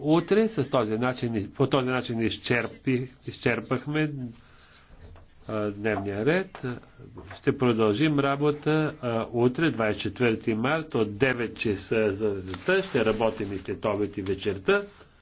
утре. С този начин, по този начин изчерпи, изчерпахме дневния ред. Ще продължим работа утре, 24 март, от 9 часа за дета. Ще работим и след обед и вечерта.